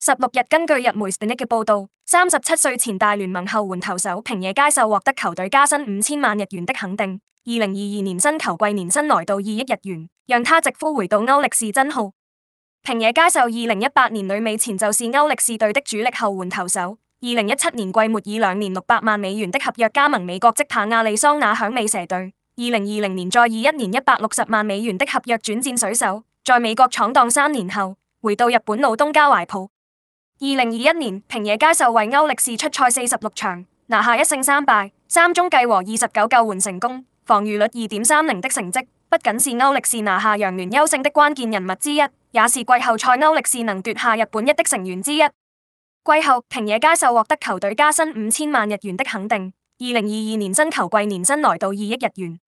十六日，根據日媒 Sponichi 嘅報道，三十七歲前大聯盟後援投手平野佳壽獲得球隊加薪五千萬日元的肯定。二零二二年新球季年薪來到二億日元，讓他直呼回到歐力士真好。平野佳壽二零一八年旅美前就是歐力士隊的主力後援投手，二零一七年季末以兩年六百萬美元的合約加盟美國職棒亞利桑那響尾蛇隊，二零二零年再以一年一百六十萬美元的合約轉戰水手，在美國闖蕩三年後回到日本老東家懷抱。二零二一年，平野佳壽為歐力士出賽四十六場，拿下一勝三敗，三中計和二十九救援成功，防禦率二點三零的成績，不僅是歐力士拿下洋聯優勝的關鍵人物之一，也是季後賽歐力士能奪下日本一的成員之一。季後，平野佳壽獲得球隊加薪五千萬日元的肯定，二零二二年新球季年薪來到二億日元。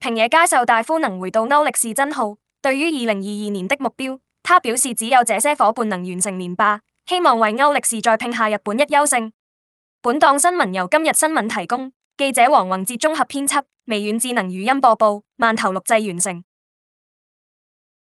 平野佳壽大呼能回到歐力士真好。對於二零二二年的目標，他表示只有這些夥伴能完成連霸。希望為歐力士再拼下日本一優勝。本檔新聞由今日新聞提供，記者黃宏哲綜合編輯，微軟智能語音播報，慢頭錄製完成。